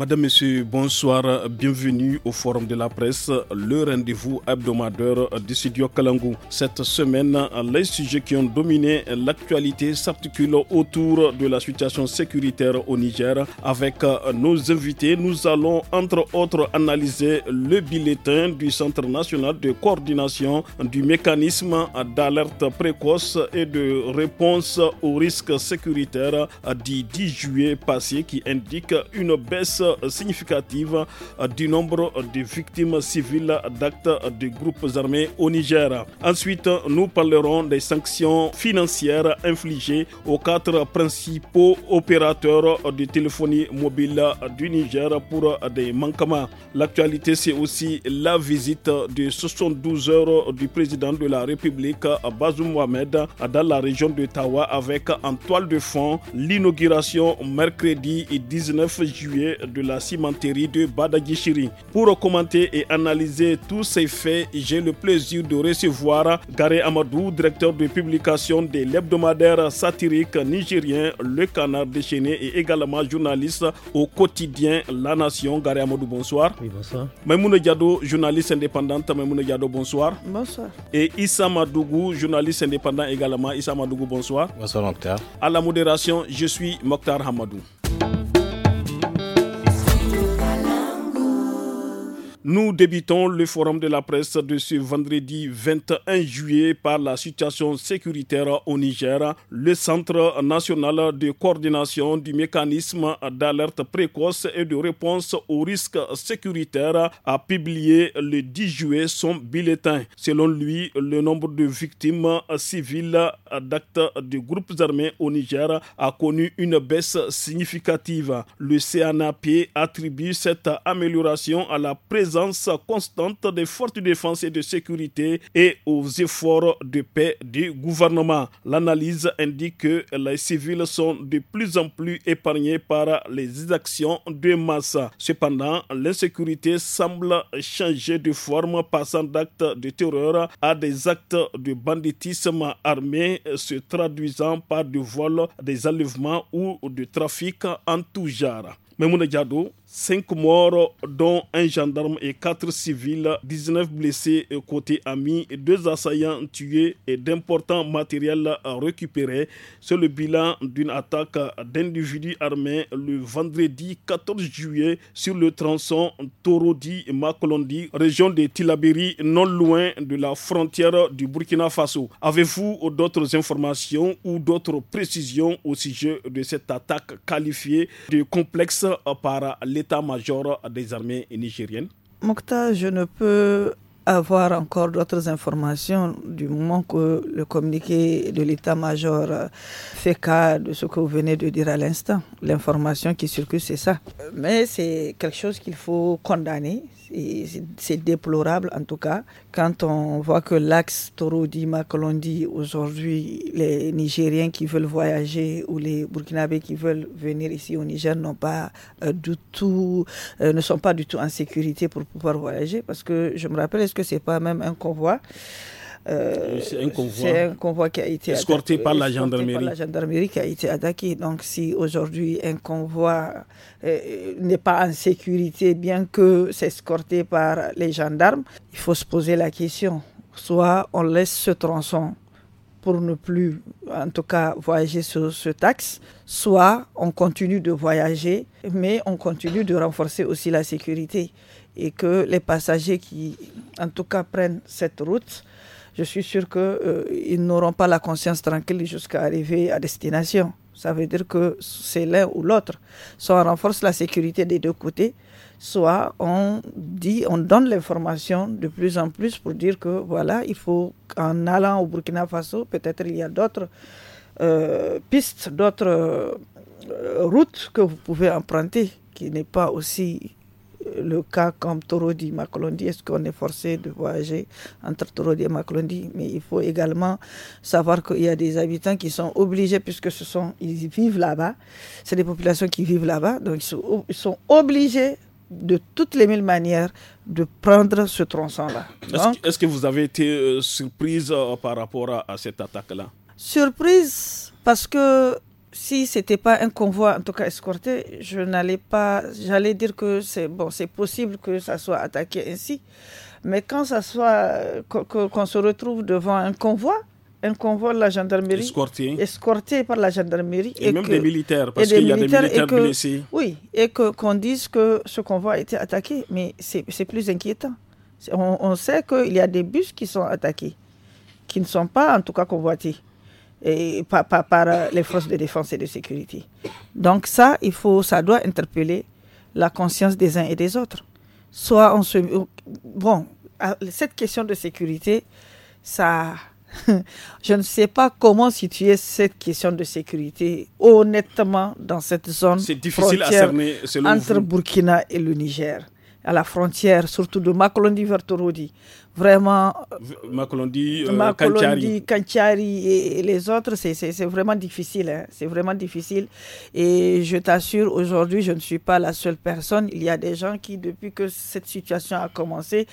Madame, Monsieur, bonsoir. Bienvenue au Forum de la presse, le rendez-vous hebdomadaire du studio Kalangou. Cette semaine, les sujets qui ont dominé l'actualité s'articulent autour de la situation sécuritaire au Niger. Avec nos invités, nous allons entre autres analyser le bulletin du Centre national de coordination du mécanisme d'alerte précoce et de réponse aux risques sécuritaires du 10 juillet passé qui indique une baisse significative euh, du nombre de victimes civiles d'actes de groupes armés au Niger. Ensuite, nous parlerons des sanctions financières infligées aux quatre principaux opérateurs de téléphonie mobile du Niger pour des manquements. L'actualité, c'est aussi la visite de 72 heures du président de la République, Bazoum Mohamed, dans la région de Tawa avec en toile de fond l'inauguration mercredi 19 juillet de la cimenterie de Badagishiri. Pour commenter et analyser tous ces faits, j'ai le plaisir de recevoir Garé Amadou, directeur de publication de l'hebdomadaire satirique nigérien Le Canard déchaîné et également journaliste au quotidien La Nation. Garé Amadou, bonsoir. Oui, bonsoir. Diado, journaliste indépendante. Maimoune Diado, bonsoir. Bonsoir. Et Issa Madougou, journaliste indépendant également. Issa Madougou, bonsoir. Bonsoir, Mokhtar. À la modération, je suis Mokhtar Hamadou. Nous débutons le forum de la presse de ce vendredi 21 juillet par la situation sécuritaire au Niger. Le Centre national de coordination du mécanisme d'alerte précoce et de réponse aux risques sécuritaires a publié le 10 juillet son bulletin. Selon lui, le nombre de victimes civiles d'actes de groupes armés au Niger a connu une baisse significative. Le CNAP attribue cette amélioration à la présence présence constante des fortes défenses défense et de sécurité et aux efforts de paix du gouvernement. L'analyse indique que les civils sont de plus en plus épargnés par les actions de masse. Cependant, l'insécurité semble changer de forme, passant d'actes de terreur à des actes de banditisme armé, se traduisant par du vol, des enlèvements ou du trafic en tout genre. Cinq morts, dont un gendarme et quatre civils, 19 blessés côté amis, deux assaillants tués et d'importants matériels récupérés. C'est le bilan d'une attaque d'individus armés le vendredi 14 juillet sur le tronçon Torodi-Makolondi, région de Tilaberi, non loin de la frontière du Burkina Faso. Avez-vous d'autres informations ou d'autres précisions au sujet de cette attaque qualifiée de complexe par les l'état-major des armées nigériennes Mokta, je ne peux avoir encore d'autres informations du moment que le communiqué de l'état-major fait cas de ce que vous venez de dire à l'instant. L'information qui circule, c'est ça. Mais c'est quelque chose qu'il faut condamner, c'est déplorable en tout cas quand on voit que l'axe toro dima que dit aujourd'hui, les Nigériens qui veulent voyager ou les Burkinabés qui veulent venir ici au Niger n'ont pas euh, du tout, euh, ne sont pas du tout en sécurité pour pouvoir voyager parce que je me rappelle, est-ce que c'est pas même un convoi? Euh, c'est un convoi. qui a été escorté par la gendarmerie. la qui a été attaqué. Donc si aujourd'hui un convoi euh, n'est pas en sécurité, bien que c'est escorté par les gendarmes, il faut se poser la question. Soit on laisse ce tronçon pour ne plus, en tout cas, voyager sur ce taxe, soit on continue de voyager, mais on continue de renforcer aussi la sécurité et que les passagers qui, en tout cas, prennent cette route je suis sûr qu'ils euh, n'auront pas la conscience tranquille jusqu'à arriver à destination. Ça veut dire que c'est l'un ou l'autre. Soit on renforce la sécurité des deux côtés, soit on dit, on donne l'information de plus en plus pour dire que voilà, il faut en allant au Burkina Faso, peut-être il y a d'autres euh, pistes, d'autres euh, routes que vous pouvez emprunter qui n'est pas aussi le cas comme Torodi et Makolondi. Est-ce qu'on est forcé de voyager entre Torodi et Makolondi Mais il faut également savoir qu'il y a des habitants qui sont obligés, puisque ce sont, ils vivent là-bas, c'est des populations qui vivent là-bas, donc ils sont, obligés de toutes les mille manières de prendre ce tronçon-là. Est-ce que, vous avez été euh, surprise euh, par rapport à cette attaque-là Surprise parce que si c'était pas un convoi, en tout cas escorté, je n'allais pas, j'allais dire que c'est bon, c'est possible que ça soit attaqué ainsi. Mais quand ça soit, qu'on se retrouve devant un convoi, un convoi de la gendarmerie. Escorté. par la gendarmerie. Et, même des militaires, parce qu'il y a des militaires blessés. Oui, et que, qu'on dise que ce convoi a été attaqué. Mais c'est, plus inquiétant. On, on sait qu'il y a des bus qui sont attaqués, qui ne sont pas en tout cas convoités et par, les forces de défense et de sécurité. Donc ça, il faut, ça doit interpeller la conscience des uns et des autres. Soit on se... Bon, cette question de sécurité, ça... Je ne sais pas comment situer cette question de sécurité honnêtement dans cette zone frontière entre Burkina et le Niger, à la frontière surtout de Makolodi vers vraiment. Macolondi, euh, Kanchari. et les autres, c'est vraiment difficile. Hein. C'est vraiment difficile. Et je t'assure, aujourd'hui, je ne suis pas la seule personne. Il y a des gens qui, depuis que cette situation a commencé,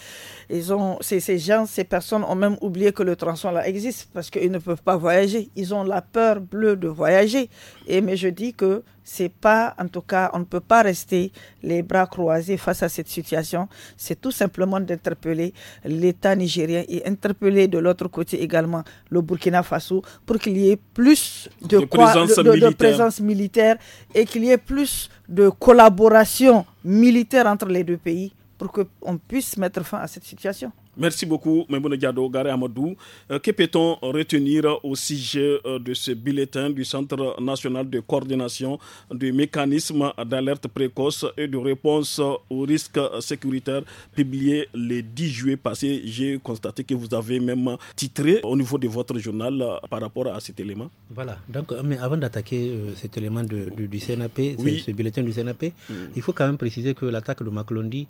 ils ont, ces, ces gens, ces personnes ont même oublié que le tronçon là existe parce qu'ils ne peuvent pas voyager. Ils ont la peur bleue de voyager. Et mais je dis que c'est pas, en tout cas, on ne peut pas rester les bras croisés face à cette situation. C'est tout simplement d'interpeller les nigérien et interpeller de l'autre côté également le Burkina Faso pour qu'il y ait plus de, de présence militaire et qu'il y ait plus de collaboration militaire entre les deux pays pour qu'on puisse mettre fin à cette situation. Merci beaucoup, Mme Diado, Gare Amadou. Euh, que peut-on retenir au sujet euh, de ce bulletin du Centre national de coordination du mécanisme d'alerte précoce et de réponse aux risques sécuritaires publié le 10 juillet passé J'ai constaté que vous avez même titré au niveau de votre journal euh, par rapport à cet élément. Voilà. Donc, mais avant d'attaquer cet élément du CNAP, ce bulletin du CNAP, mm. il faut quand même préciser que l'attaque de Maclondi,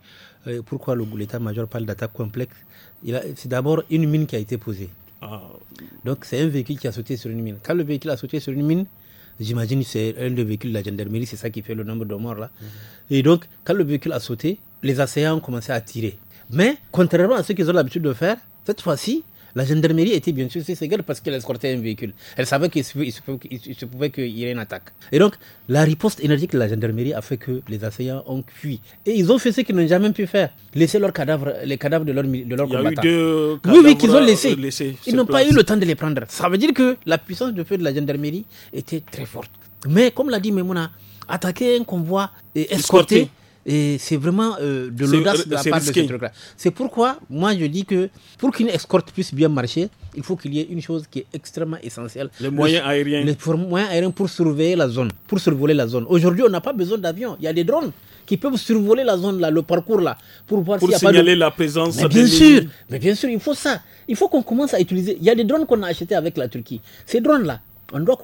pourquoi l'état-major parle d'attaque complexe c'est d'abord une mine qui a été posée. Ah. Donc c'est un véhicule qui a sauté sur une mine. Quand le véhicule a sauté sur une mine, j'imagine c'est un des véhicules de la gendarmerie, c'est ça qui fait le nombre de morts là. Mhm. Et donc quand le véhicule a sauté, les assaillants ont commencé à tirer. Mais contrairement à ce qu'ils ont l'habitude de faire, cette fois-ci, la gendarmerie était bien sûr sur ses parce qu'elle escortait un véhicule. Elle savait qu'il se pouvait qu'il y ait une attaque. Et donc, la riposte énergique de la gendarmerie a fait que les assaillants ont fui. Et ils ont fait ce qu'ils n'ont jamais pu faire laisser leurs cadavres, les cadavres de leurs leur combattants. oui, oui, qu'ils ont laissé. laissé euh, ils n'ont pas eu le temps de les prendre. Ça veut dire que la puissance de feu de la gendarmerie était très forte. Mais comme l'a dit Memouna, attaquer un convoi et escorter. Et c'est vraiment euh, de l'audace euh, de la part de ce truc-là. C'est pourquoi, moi, je dis que pour qu'une escorte puisse bien marcher, il faut qu'il y ait une chose qui est extrêmement essentielle. Les le, moyens aériens. Les moyens aériens pour surveiller la zone, pour survoler la zone. Aujourd'hui, on n'a pas besoin d'avions. Il y a des drones qui peuvent survoler la zone là, le parcours là, pour voir a signaler la présence. Mais bien sûr, mais bien sûr, il faut ça. Il faut qu'on commence à utiliser. Il y a des drones qu'on a achetés avec la Turquie. Ces drones là, on doit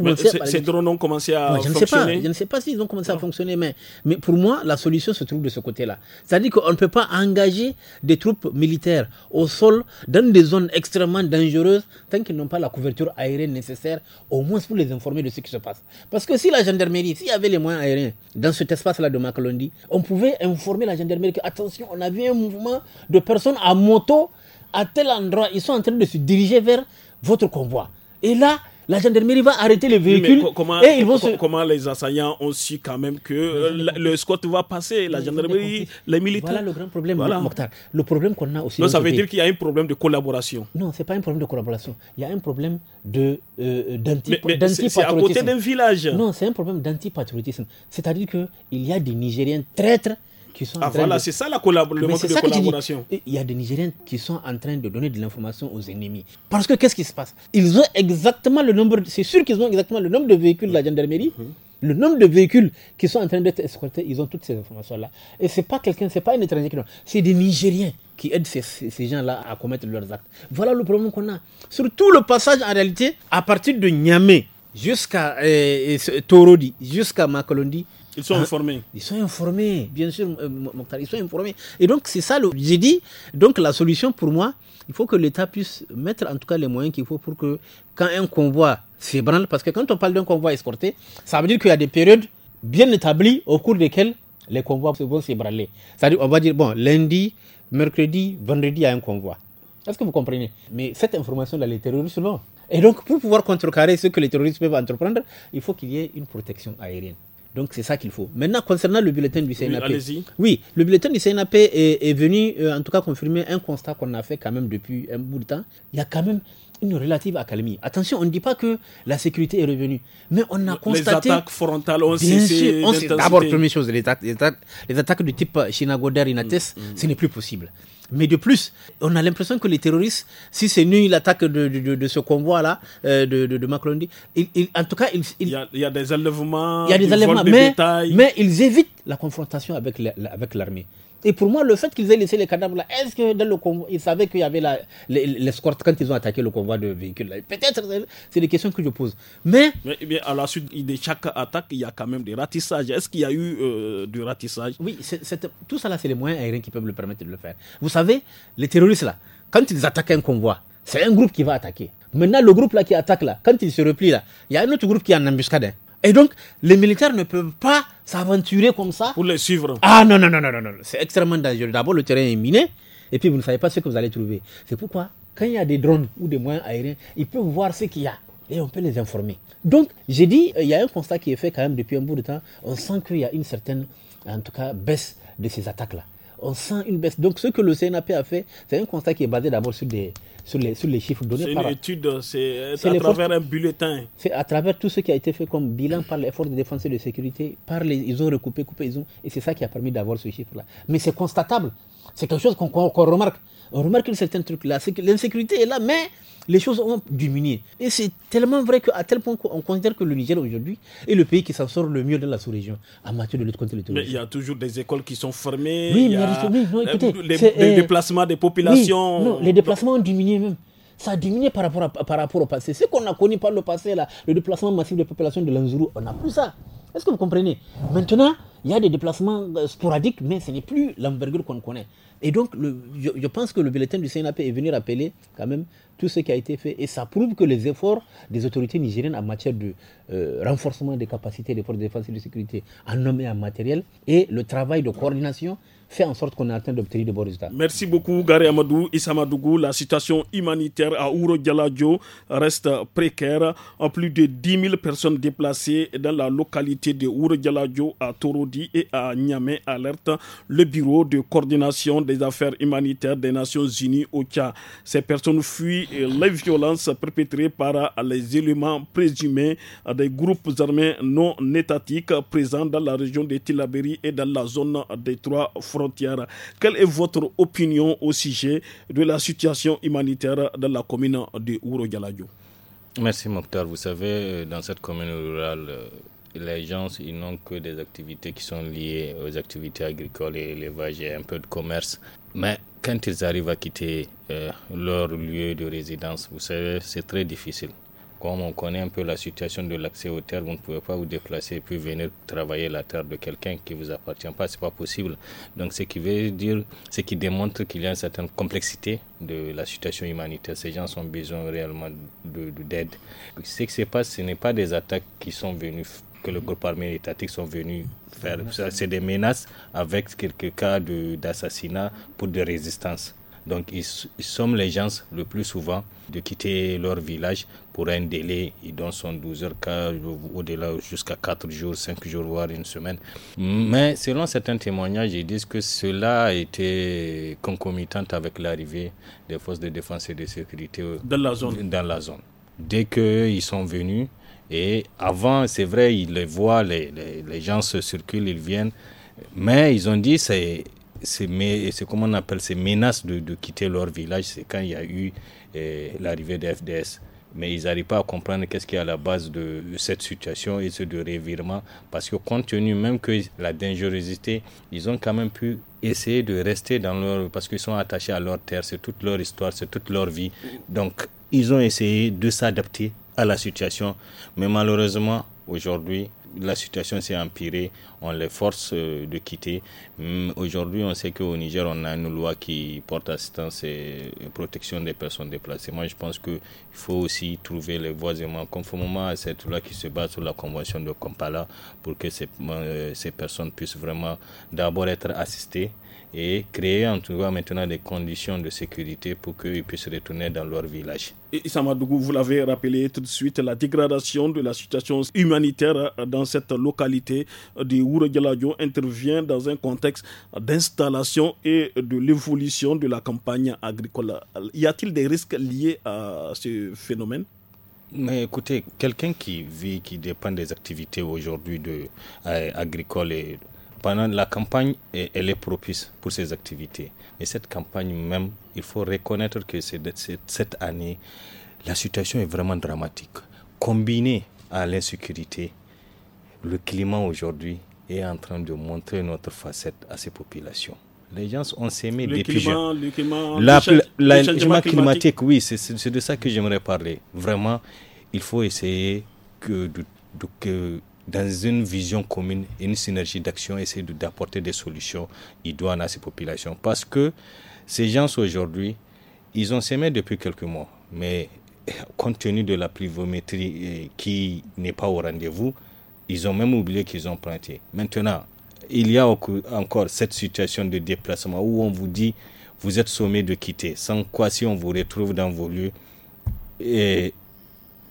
Ces drones ont commencé à je fonctionner. Ne sais pas, je ne sais pas s'ils ont commencé à fonctionner, mais, mais pour moi, la solution se trouve de ce côté-là. C'est-à-dire qu'on ne peut pas engager des troupes militaires au sol dans des zones extrêmement dangereuses tant qu'ils n'ont pas la couverture aérienne nécessaire, au moins pour les informer de ce qui se passe. Parce que si la gendarmerie, s'il y avait les moyens aériens dans cet espace-là de Macalondi, on pouvait informer la gendarmerie que, attention, on a vu un mouvement de personnes à moto à tel endroit. Ils sont en train de se diriger vers votre convoi. Et là, la gendarmerie va arrêter les véhicules comment, et ils vont se... comment les assaillants ont su quand même que euh, le squat va passer, la gendarmerie, les militaires. Voilà le grand problème, Mokhtar. Le problème qu'on a aussi. Non, ça veut dire qu'il y a un problème de collaboration. Non, c'est pas un problème de collaboration. Il y a un problème de euh, d'antipatriotisme. C'est à côté d'un village. Non, c'est un problème d'antipatriotisme. C'est-à-dire que il y a des Nigériens traîtres qui sont ah voilà, c'est ça la le manque de collaboration. Il y a des Nigériens qui sont en train de donner de l'information aux ennemis. Parce que qu'est-ce qui se passe Ils ont exactement le nombre, c'est sûr qu'ils ont exactement le nombre de véhicules de la gendarmerie. Mhm. le nombre de véhicules qui sont en train d'être escortés, ils ont toutes ces informations-là. Et ce n'est pas quelqu'un, ce n'est pas un étranger qui c'est des Nigériens qui aident ces, gens-là à commettre leurs actes. Voilà le problème qu'on a. Surtout le passage en réalité, à partir de Niamey jusqu'à euh, euh, Torodi, jusqu'à Makolondi, ils sont ah, informés. Ils sont informés, bien sûr, euh, Mokhtar, ils sont informés. Et donc, c'est ça, j'ai dit, donc la solution pour moi, il faut que l'État puisse mettre en tout cas les moyens qu'il faut pour que quand un convoi s'ébranle, parce que quand on parle d'un convoi escorté, ça veut dire qu'il y a des périodes bien établies au cours desquelles les convois vont s'ébranler. C'est-à-dire, on va dire, bon, lundi, mercredi, vendredi, il y a un convoi. Est-ce que vous comprenez Mais cette information-là, les terroristes l'ont. Et donc, pour pouvoir contrecarrer ce que les terroristes peuvent entreprendre, il faut qu'il y ait une protection aérienne. Donc c'est ça qu'il faut. Maintenant, concernant le bulletin du CNAP. Oui, oui le bulletin du CNAP est, venu, euh, en tout cas, confirmer un constat qu'on a fait quand même depuis un bout de temps. Il y a quand même une relative accalmie. Attention, on ne dit pas que la sécurité est revenue, mais on a constaté. Les attaques frontales ont cessé. D'abord, première chose, les attaques, de les attaques du type euh, Shinagoder Inates, mm, mm. ce n'est plus possible. Mais de plus, on a l'impression que les terroristes, si c'est nul l'attaque de, de, ce convoi-là, euh, de, Macron de en tout cas, ils, il, y a, des enlèvements, il y a des mais, ils évitent la confrontation avec l'armée. Et pour moi, le fait qu'ils aient laissé les cadavres là, est-ce que dans le convoi, ils savaient qu'il y avait l'escorte les, quand ils ont attaqué le convoi de véhicules Peut-être, c'est des questions que je pose. Mais... mais, eh à la suite de chaque attaque, il y a quand même des ratissages. Est-ce qu'il y a eu euh, du ratissage Oui, tout ça là, c'est les moyens aériens qui peuvent le permettre de le faire. Vous savez, les terroristes là, quand ils attaquent un convoi, c'est un groupe qui va attaquer. Maintenant, le groupe là qui attaque là, quand il se replie là, il y a un autre groupe qui est en embuscade. Hein. Et donc, les militaires ne peuvent pas s'aventurer comme ça. Pour les suivre. Ah non, non, non, non, non, non. c'est extrêmement dangereux. D'abord, le terrain est miné, et puis vous ne savez pas ce que vous allez trouver. C'est pourquoi, quand il y a des drones ou des moyens aériens, ils peuvent voir ce qu'il y a et on peut les informer. Donc, j'ai dit, euh, il y a un constat qui est fait quand même depuis un bout de temps. On sent qu'il y a une certaine, en tout cas, baisse de ces attaques-là. On sent une baisse. Donc, ce que le CNAP a fait, c'est un constat qui est basé d'abord sur des, sur les, sur les chiffres donnés. C'est une étude, c'est à travers un bulletin. C'est à travers tout ce qui a été fait comme bilan par l'effort de défense et de sécurité. Par les, ils ont recoupé, coupé, ils ont, et c'est ça qui a permis d'avoir ce chiffre-là. Mais c'est constatable. C'est quelque chose qu'on remarque. On remarque certains trucs là. l'insécurité est là, mais les choses ont diminué. Et c'est tellement vrai qu'à tel point qu'on considère que le Niger aujourd'hui est le pays qui s'en sort le mieux dans la sous-région en matière de lutte contre le terrorisme. Mais il y a toujours des écoles qui sont fermées. Oui, il y a des les, euh, déplacements des populations. non, les déplacements ont diminué même ça a diminué par rapport, par rapport au passé. Ce qu'on a connu par le passé, là, le déplacement massif des populations de, l'Anzourou, on n'a plus ça. Est-ce que vous comprenez Maintenant, il y a des déplacements euh, sporadiques, mais ce n'est plus l'envergure qu'on connaît. Et donc, je, pense que le bulletin du CNAP est venu rappeler quand même tout ce qui a été fait. Et ça prouve que les efforts des autorités nigériennes en matière de euh, renforcement des capacités des forces de défense et de sécurité en nommé en matériel et le travail de coordination fait en sorte qu'on atteigne d'obtenir de bons résultats. Merci beaucoup, Gary Amadou La situation humanitaire à Ouro reste précaire. En plus de 10 000 personnes déplacées dans la localité de Ouro à Torodi et à Niamey alerte le bureau de coordination des affaires humanitaires des Nations Unies au Tchad. Ces personnes fuient les violences perpétrées par les éléments présumés des groupes armés non étatiques présents dans la région de Tilaberi et dans la zone des trois Frontières. Quelle est votre opinion au sujet de la situation humanitaire dans la commune de Ourogaladjo Merci Mokhtar. Vous savez, euh, dans cette commune rurale, euh, les gens ils n'ont que des activités qui sont liées aux activités agricoles et l'élevage et un peu de commerce. Mais quand ils arrivent à quitter euh, leur lieu de résidence, vous savez, c'est très difficile. Comme on connaît un peu la situation de l'accès aux terres, vous ne pouvez pas vous déplacer et puis venir travailler la terre de quelqu'un qui ne vous appartient pas. Ce n'est pas possible. Donc, ce qui veut dire, ce qui démontre qu'il y a une certaine complexité de la situation humanitaire. Ces gens ont besoin réellement d'aide. ce qui se passe, ce n'est pas des attaques qui sont venues que le groupe armé étatique sont venus faire. C'est des menaces avec quelques cas d'assassinat pour des résistances. Donc ils, sont les gens le plus souvent de quitter leur village pour un délai, ils donnent 12 heures au-delà jusqu'à 4 jours, 5 jours, voire une semaine. Mais selon certains témoignages, ils disent que cela a été concomitant avec l'arrivée des forces de défense et de sécurité dans la zone. Dans la zone. Dès qu'ils sont venus, et avant, c'est vrai, ils les voient, les, les, les gens se circulent, ils viennent, mais ils ont dit c'est c'est comment on appelle, ces menaces de, de quitter leur village, c'est quand il y a eu eh, l'arrivée des FDS mais ils n'arrivent pas à comprendre qu'est-ce qui est à la base de cette situation et ce de revirement. Parce que compte tenu même que la dangerosité, ils ont quand même pu essayer de rester dans leur... parce qu'ils sont attachés à leur terre, c'est toute leur histoire, c'est toute leur vie. Donc, ils ont essayé de s'adapter à la situation. Mais malheureusement, aujourd'hui, la situation s'est empirée, on les force euh, de quitter. Hum, aujourd'hui, on sait qu'au Niger, on a une loi qui porte assistance et protection des personnes déplacées. Moi, je pense qu'il faut aussi trouver les voies et conformément à cette loi qui se base sur la convention de Kampala pour que ces, euh, ces personnes puissent vraiment d'abord être assistées et créer en tout cas maintenant des conditions de sécurité pour qu'ils puissent retourner dans leur village. Et Samadougou, vous l'avez rappelé tout de suite, la dégradation de la situation humanitaire dans cette localité du Ouregaladjo intervient dans un contexte d'installation et de l'évolution de la campagne agricole. Y a-t-il des risques liés à ce phénomène mais écoutez, quelqu'un qui vit, qui dépend des activités aujourd'hui de, euh, agricoles et la campagne, elle est propice pour ces activités. Mais cette campagne même, il faut reconnaître que cette année, la situation est vraiment dramatique. Combinée à l'insécurité, le climat aujourd'hui est en train de montrer notre facette à ces populations. Les gens ont s'aimé depuis Le climat, changement climatique, oui, c'est de ça que j'aimerais parler. Vraiment, il faut essayer que, que dans une vision commune, une synergie d'action, essayer d'apporter des solutions idoines à ces populations. Parce que ces gens aujourd'hui, ils ont semé depuis quelques mois, mais compte tenu de la pluviométrie euh, qui n'est pas au rendez-vous, ils ont même oublié qu'ils ont planté. Maintenant, il y a encore cette situation de déplacement où on vous dit vous êtes sommé de quitter, sans quoi si on vous retrouve dans vos lieux, et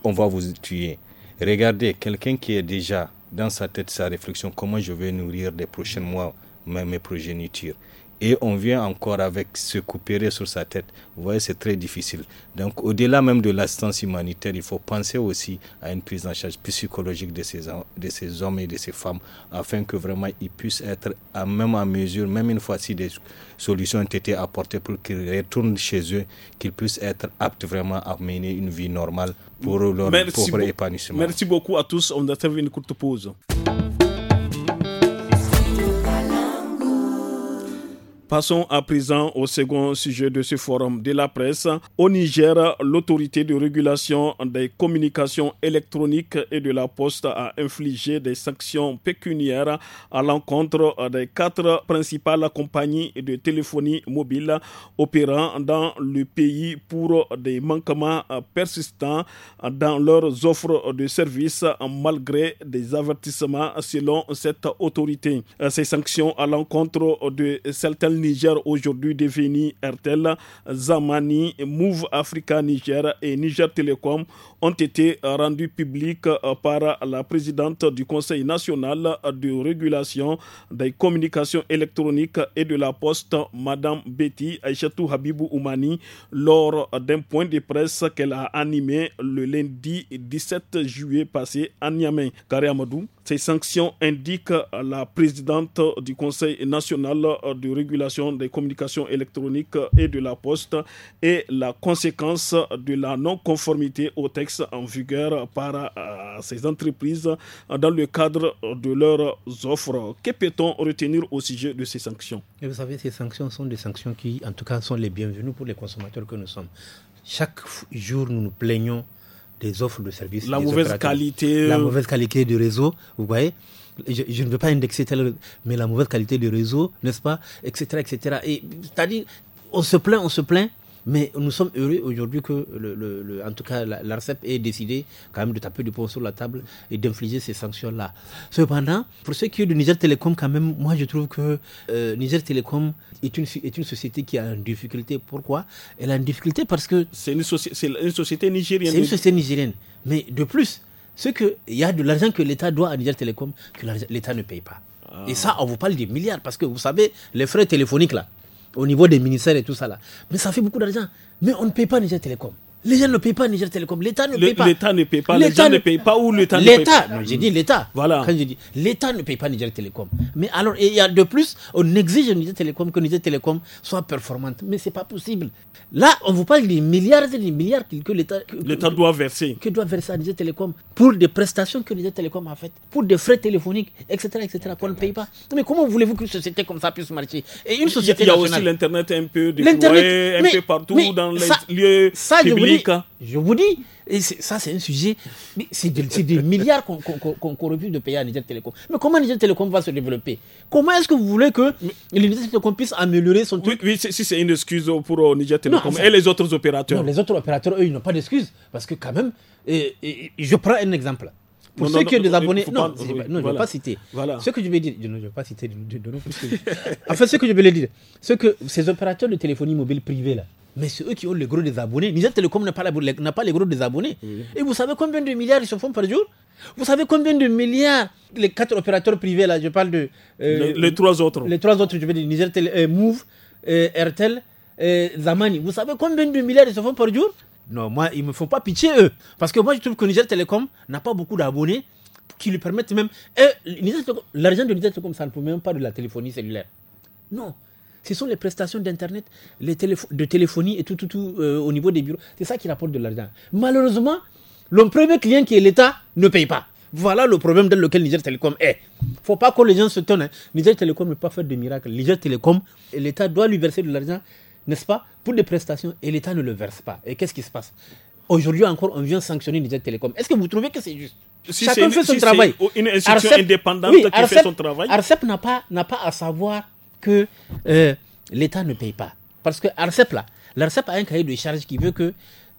on va vous tuer. Regardez, quelqu'un qui est déjà dans sa tête sa réflexion, comment je vais nourrir les prochains mois mes, mes progénitures et on vient encore avec ce couper sur sa tête. Vous voyez, c'est très difficile. Donc, au-delà même de l'assistance humanitaire, il faut penser aussi à une prise en charge psychologique de ces, de ces hommes et de ces femmes afin que vraiment ils puissent être à même à mesure, même une fois si des solutions ont été apportées pour qu'ils retournent chez eux, qu'ils puissent être aptes vraiment à mener une vie normale pour leur propre épanouissement. Merci beaucoup à tous. On a fait une courte pause. Passons à présent au second sujet de ce forum de la presse. Au Niger, l'autorité de régulation des communications électroniques et de la poste a infligé des sanctions pécuniaires à l'encontre des quatre principales compagnies de téléphonie mobile opérant dans le pays pour des manquements persistants dans leurs offres de services malgré des avertissements selon cette autorité. Ces sanctions à l'encontre de certaines Niger aujourd'hui défini RTL, Zamani, Move Africa Niger et Niger Telecom ont été rendus publics euh, par la présidente du Conseil national de régulation des communications électroniques et de la poste, Madame Betty Aichatou Habibou Oumani, lors d'un point de presse qu'elle a animé le lundi 17 juillet passé à Niamey. ces sanctions indiquent la présidente du Conseil national de régulation des communications électroniques et de la poste et la conséquence de la non-conformité au texte en vigueur par euh, ces entreprises dans le cadre de leurs offres. Que peut-on retenir au sujet de ces sanctions et Vous savez, ces sanctions sont des sanctions qui, en tout cas, sont les bienvenues pour les consommateurs que nous sommes. Chaque jour, nous nous plaignons des offres de services. La mauvaise qualité. La mauvaise qualité du réseau, vous voyez je, ne veux pas indexer mais la mauvaise qualité du réseau, n'est-ce pas, etc., etc. Et cest à on se plaint, on se plaint, mais nous sommes heureux aujourd'hui que, le, en tout cas, l'ARCEP ait décidé quand même de taper du poing sur la table et d'infliger ces sanctions-là. Cependant, pour ce qui est de Niger Telecom, quand même, moi je trouve que euh, Niger Telecom est une, société qui a une difficulté. Pourquoi Elle a une difficulté parce que... C'est une, une société nigérienne. C'est une société nigérienne. Mais de plus, c'est qu'il y a de l'argent que l'État doit à Niger Telecom que l'État ne paye pas. Ah. Et ça, on vous parle des milliards parce que vous savez, les frais téléphoniques là, au niveau des ministères et tout ça là, mais ça fait beaucoup d'argent. Mais on ne paye pas Niger Telecom. Les gens ne payent pas Niger Telecom. L'État ne, paye pas. L'État ne paye pas. Les gens ne payent pas où l'État ne paye pas. L'État, j'ai dit l'État. Voilà. Quand l'État ne paye pas Niger Telecom. Mais alors, il y a de plus, on exige à Niger Telecom que Niger Telecom soit performante. Mais c'est pas possible. Là, on vous parle des milliards et des milliards que l'État. doit verser. Que doit verser à Niger Telecom pour des prestations que Niger Telecom a faites, pour des frais téléphoniques, etc., etc., qu'on ne paye pas. Mais comment voulez-vous qu'une société comme ça puisse marcher Et une société. Il y a aussi l'Internet un peu partout dans les lieux je vous dis, ça c'est un sujet, c'est des milliards qu'on qu refuse de payer à Niger Telecom. Mais comment Niger Telecom va se développer Comment est-ce que vous voulez que Niger Telecom puisse améliorer son truc Oui, si c'est une excuse pour euh, Niger Télécom et les autres opérateurs. Non, les autres opérateurs, eux, ils n'ont pas d'excuse. Parce que quand même, je prends un exemple pour ceux qui ont des abonnés, non, je ne vais pas citer. Ce que je vais dire, je ne vais pas citer de, de, Enfin, ce que je vais dire, c'est que ces opérateurs de téléphonie mobile privée, là, mais c'est eux qui ont le gros des abonnés. Niger Telecom n'a pas, les gros des abonnés. Et vous savez combien de milliards ils se font par jour Vous savez combien de milliards les quatre opérateurs privés, là, je parle de. Euh, les, trois autres. Les trois autres, je veux dire, Niger Telecom euh, Move, euh, euh, Zamani. Vous savez combien de milliards ils se font par jour Non, moi, ils ne me font pas pitié, eux. Parce que moi, je trouve que Niger Telecom n'a pas beaucoup d'abonnés qui lui permettent même. L'argent de Niger Telecom, ça ne peut même pas de la téléphonie cellulaire. Non. Ce sont les prestations d'Internet, de téléphonie et tout, tout, euh, au niveau des bureaux. C'est ça qui rapporte de l'argent. Malheureusement, le premier client qui est l'État ne paye pas. Voilà le problème dans lequel Niger Telecom est. Il ne faut pas que les gens se tonnent. Hein. Niger Telecom ne peut pas faire de miracle. Niger Telecom, l'État doit lui verser de l'argent, n'est-ce pas, pour des prestations et l'État ne le verse pas. Et qu'est-ce qui se passe Aujourd'hui encore, on vient sanctionner Niger Telecom. Est-ce que vous trouvez que c'est juste Chacun fait son travail. Une institution indépendante qui fait son travail. Arcep n'a pas, pas à savoir que euh, l'État ne paye pas. Parce que l'ARCEP, là, l'ARCEP a un cahier de charges qui veut que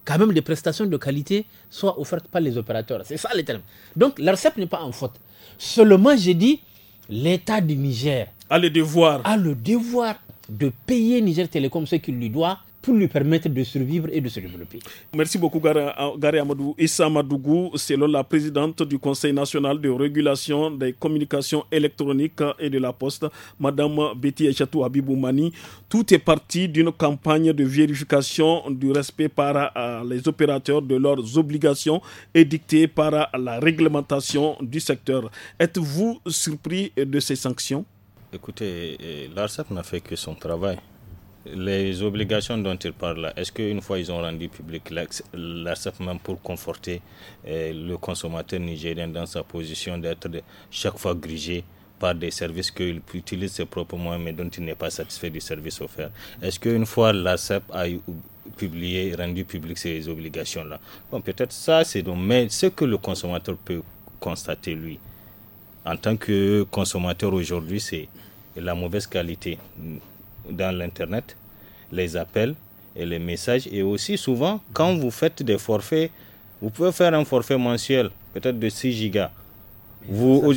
quand même des prestations de qualité soient offertes par les opérateurs. C'est ça le terme. Donc l'ARCEP n'est pas en faute. Seulement, j'ai dit, l'État du Niger a le devoir. A le devoir de payer Niger Télécom ce qu'il lui doit pour lui permettre de survivre et de se développer. Merci beaucoup Gary Amadou. Issa Madougou, selon la présidente du Conseil national de régulation des communications électroniques et de la poste, Madame Betty Echatou Abiboumani. tout est parti d'une campagne de vérification du respect par euh, les opérateurs de leurs obligations édictées par euh, la réglementation du secteur. Êtes-vous surpris de ces sanctions Écoutez, euh, l'ARCEP n'a fait que son travail. Les obligations dont il parle, est-ce qu'une fois ils ont rendu public l'ARCEP même pour conforter eh, le consommateur nigérien dans sa position d'être chaque fois grigé par des services qu'il utilise ses propres moyens mais dont il n'est pas satisfait du service offert Est-ce qu'une fois l'ARCEP a publié, rendu public ces obligations-là Bon, peut-être ça, c'est donc, mais ce que le consommateur peut constater, lui, en tant que consommateur aujourd'hui, c'est la mauvaise qualité dans l'Internet, les appels et les messages. Et aussi, souvent, quand vous faites des forfaits, vous pouvez faire un forfait mensuel, peut-être de 6 gigas. vous,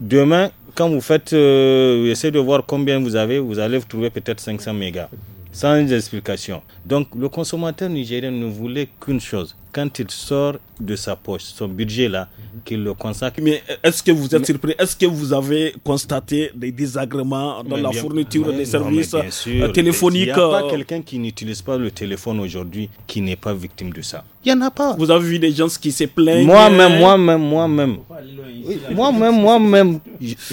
Demain, quand vous faites, euh, vous essayez de voir combien vous avez, vous allez trouver peut-être 500 mégas, sans explication. Donc, le consommateur nigérien ne voulait qu'une chose. Quand il sort, de sa poche, son budget là, mhm. qu'il le consacre. Mais euh, est-ce que vous êtes surpris Est-ce que vous avez constaté des désagréments dans la fourniture des services euh, téléphoniques Il n'y a pas euh, quelqu'un qui n'utilise pas le téléphone aujourd'hui qui n'est pas victime de ça. Il n'y en a pas. Vous avez vu des gens qui se plaignent Moi-même, moi-même, moi-même. moi-même, moi-même.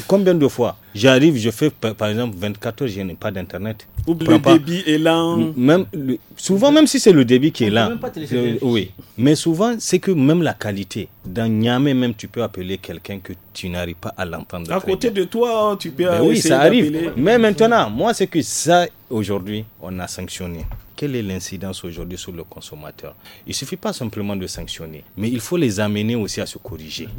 Combien de fois J'arrive, je fais par exemple 24 heures, je n'ai pas d'internet. Le pas. débit est lent. Même, souvent, même si c'est le débit qui est là. oui. Mais souvent, c'est que même la qualité. Dans Niamey, même, tu peux appeler quelqu'un que tu n'arrives pas à l'entendre. À côté de toi, hein, tu peux ben Oui, ça arrive. Mais maintenant, moi, c'est que ça, aujourd'hui, on a sanctionné. Quelle est l'incidence aujourd'hui sur le consommateur Il suffit pas simplement de sanctionner, mais il faut les amener aussi à se corriger.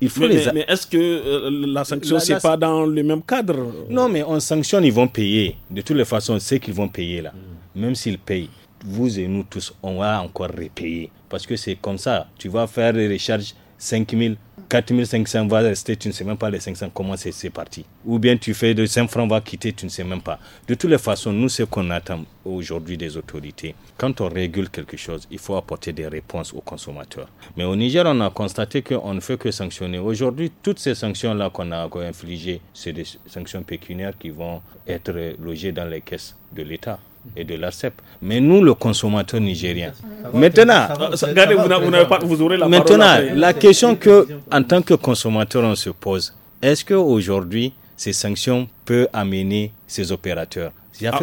Il faut mais, les est-ce que euh, la sanction, c'est pas dans le même cadre Non, mais on sanctionne, ils vont payer. De toutes les façons, c'est qu'ils vont payer là, hmm. même s'ils payent vous et nous tous, on va encore repayer. Parce que c'est comme ça. Tu vas faire des recharges 5000, 4500 va rester, tu ne sais même pas les 500, comment c'est parti. Ou bien tu fais de 5 francs, va quitter, tu ne sais même pas. De toutes les façons, nous, ce qu'on attend aujourd'hui des autorités, quand on régule quelque chose, il faut apporter des réponses aux consommateurs. Mais au Niger, on a constaté qu'on ne fait que sanctionner. Aujourd'hui, toutes ces sanctions-là qu'on a encore infligées, c'est des sanctions pécuniaires qui vont être logées dans les caisses de l'État et de l'ARCEP. Mais nous, le consommateur nigérien. Maintenant, maintenant, la question que, en tant que consommateur, on se pose, est-ce que aujourd'hui ces sanctions peuvent amener ces opérateurs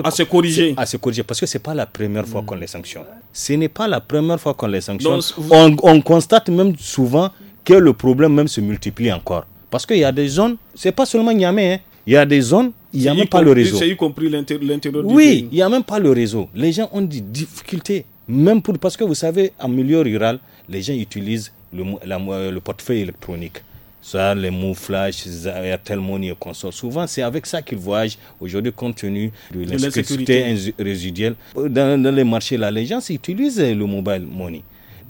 à, se corriger. À se corriger, parce que ce n'est pas la première fois qu'on les sanctionne. Ce n'est pas la première fois qu'on les sanctionne. on, constate même souvent que le problème même se multiplie encore. Parce qu'il y a des zones, n'est pas seulement Niamey, hein. il y a des zones il n'y a même pas le réseau. compris l'intérieur du Oui, il n'y a même pas le réseau. Les gens ont des difficultés. Même pour, parce que vous savez, en milieu rural, les gens utilisent le, la, le portefeuille électronique. Ça, les mouflages, Airtel Money et consorts. Souvent, c'est avec ça qu'ils voyagent. Aujourd'hui, compte tenu de l'insécurité résiduelle, dans, dans les marchés, là, les gens utilisent le mobile money.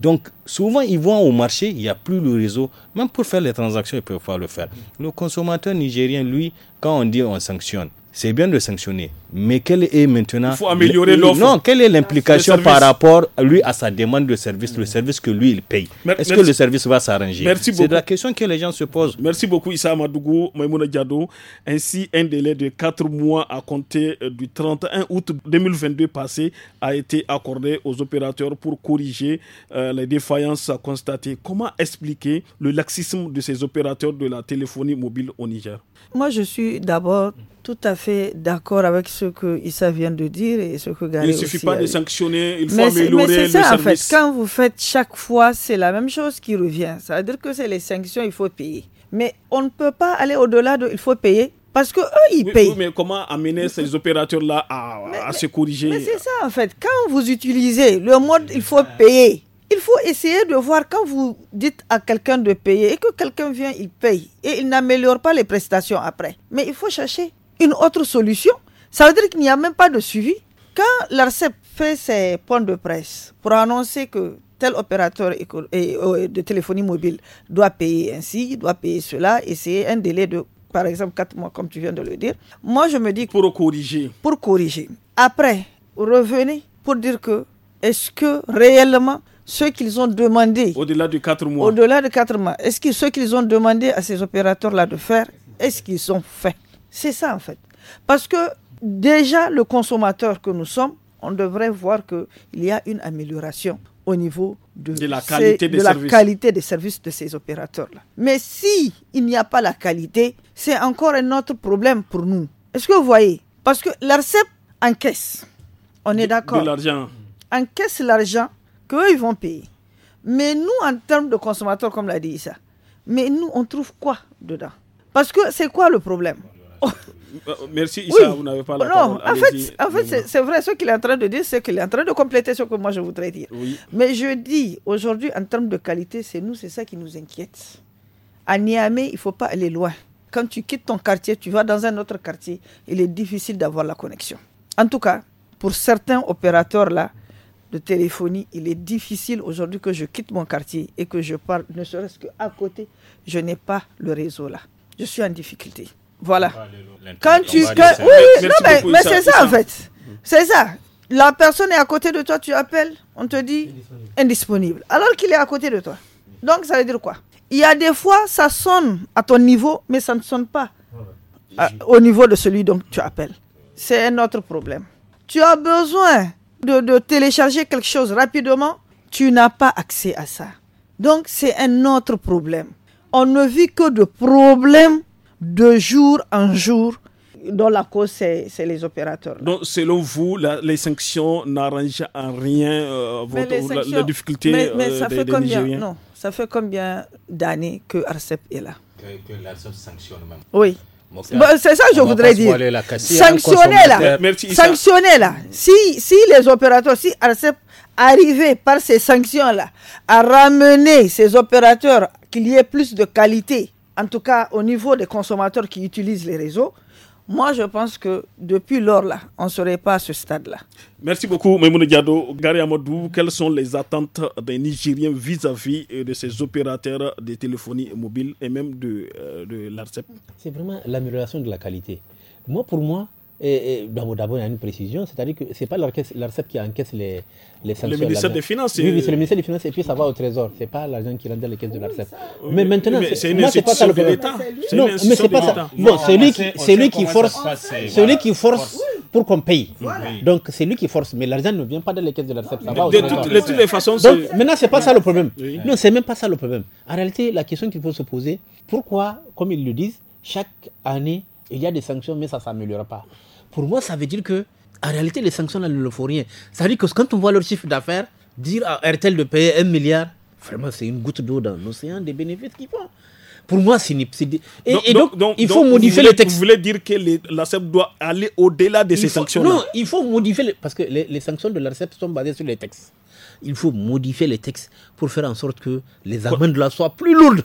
Donc, Souvent, ils vont au marché, il n'y a plus le réseau. Même pour faire les transactions, ils ne peuvent pas le faire. Le consommateur nigérien, lui, quand on dit on sanctionne, c'est bien de sanctionner. Mais quelle est maintenant. Il faut améliorer l'offre. Non, quelle est l'implication par rapport, lui, à sa demande de service, le mm. service que lui, il paye Est-ce que le service va s'arranger C'est la question que les gens se posent. Merci beaucoup, Issa Madougou, Maïmouna Diado. Ainsi, un délai de 4 mois à compter euh, du 31 août 2022 passé a été accordé aux opérateurs pour corriger euh, les défauts à constater. Comment expliquer le laxisme de ces opérateurs de la téléphonie mobile au Niger Moi, je suis d'abord tout à fait d'accord avec ce que Issa vient de dire et ce que Gary Il ne suffit pas de sanctionner, il faut mais améliorer ça, En fait, quand vous faites chaque fois, c'est la même chose qui revient. Ça veut dire que c'est les sanctions, il faut payer. Mais on ne peut pas aller au-delà de il faut payer parce que eux, ils payent. mais comment amener ces opérateurs-là à, se corriger Mais c'est ça, en fait. Quand vous utilisez le mode il faut payer, il faut essayer de voir quand vous dites à quelqu'un de payer et que quelqu'un vient, il paye et il n'améliore pas les prestations après. Mais il faut chercher une autre solution. Ça veut dire qu'il n'y a même pas de suivi. Quand l'ARCEP fait ses points de presse pour annoncer que tel opérateur euh, de téléphonie mobile doit payer ainsi, doit payer cela, et c'est un délai de, par exemple, 4 mois, comme tu viens de le dire. Moi, je me dis... Pour corriger. Pour corriger. Après, revenez pour dire que, est-ce que réellement ce qu'ils ont demandé. Au-delà de quatre mois. Au-delà de quatre mois. Est-ce que ce qu'ils ont demandé à ces opérateurs-là de faire, est-ce qu'ils ont fait C'est ça, en fait. Parce que déjà, le consommateur que nous sommes, on devrait voir qu'il y a une amélioration au niveau de, la, qualité des de la, qualité des services de ces opérateurs-là. Mais si il n'y a pas la qualité, c'est encore un autre problème pour nous. Est-ce que vous voyez Parce que l'ARCEP encaisse. On est d'accord. De l'argent. Encaisse l'argent qu'eux, ils vont payer. Mais nous, en termes de consommateurs, comme l'a dit Issa, mais nous, on trouve quoi dedans Parce que c'est quoi le problème euh, Merci Issa, vous n'avez pas la non, parole. En fait, en fait c'est vrai, ce qu'il est en train de dire, c'est qu'il est en train de compléter ce que moi je voudrais dire. Mais je dis, aujourd'hui, en termes de qualité, c'est nous, c'est ça qui nous inquiète. À Niamey, il ne faut pas aller loin. Quand tu quittes ton quartier, tu vas dans un autre quartier, il est difficile d'avoir la connexion. En tout cas, pour certains opérateurs là, de téléphonie, il est difficile aujourd'hui que je quitte mon quartier et que je parle, ne serait-ce qu'à côté, je n'ai pas le réseau là. Je suis en difficulté. Voilà. Quand tu... oui, mais, c'est ça en fait. Mm. C'est ça. La personne est à côté de toi, tu appelles, on te dit indisponible, alors qu'il est à côté de toi. Donc ça veut dire quoi Il y a des fois, ça sonne à ton niveau, mais ça ne sonne pas euh, au niveau de celui dont tu appelles. C'est un autre problème. Tu as besoin de, télécharger quelque chose rapidement, tu n'as pas accès à ça. Donc c'est un autre problème. On ne vit que de problèmes de jour en jour dont la cause, c'est les opérateurs. Donc, selon vous, les sanctions n'arrangent en rien euh, la, difficulté mais, euh, ça fait combien, Non, ça fait combien d'années que ARCEP est là Que, que l'ARCEP sanctionne même. Oui. Bah, c'est ça que je voudrais dire. Sanctionner là. Sanctionner là. Si, si les opérateurs, si Arcep arrivait par ces sanctions-là à ramener ces opérateurs qu'il y ait plus de qualité, en tout cas au niveau des consommateurs qui utilisent les réseaux, moi, je pense que depuis lors, là, on ne serait pas à ce stade-là. Merci beaucoup, Maimoun Diado. Gary Amadou, quelles sont les attentes des Nigériens vis-à-vis euh, de ces opérateurs de téléphonie mobile et même de, euh, de l'ARCEP C'est vraiment l'amélioration de la qualité. Moi, pour moi, et, d'abord, il y a une précision, c'est-à-dire que ce n'est pas l'ARCEP qui encaisse les, les sanctions. Le ministère des Finances. Oui, c'est le ministère des Finances et puis ça va au Trésor. Ce n'est pas l'argent qui rentre dans les caisses de l'ARCEP. mais maintenant, c'est une institution de l'État. Non, c'est pas ça. Bon, c'est lui, qui force, qui force pour qu'on paye. Donc, c'est lui qui force. Mais l'argent ne vient pas dans les caisses de l'ARCEP. De, toutes les façons. Donc, maintenant, ce n'est pas ça le problème. Non, ce n'est même pas ça le problème. En réalité, la question qu'il faut se poser, pourquoi, comme ils le disent, chaque année, il y a des sanctions, mais ça ne s'améliore pas pour moi, ça veut dire que, en réalité, les sanctions, elles ne le font rien. Ça veut dire que quand on voit leur chiffre d'affaires, dire à RTL de payer un milliard, vraiment, c'est une goutte d'eau dans l'océan des bénéfices qu'ils font. Pour moi, c'est. Et, donc, et donc, il faut modifier les textes. texte. Vous voulez dire que l'ARCEP doit aller au-delà de ces sanctions Non, il faut modifier. parce que les, sanctions de l'ARCEP sont basées sur les textes. Il faut modifier les textes pour faire en sorte que les amendes là soient plus lourdes.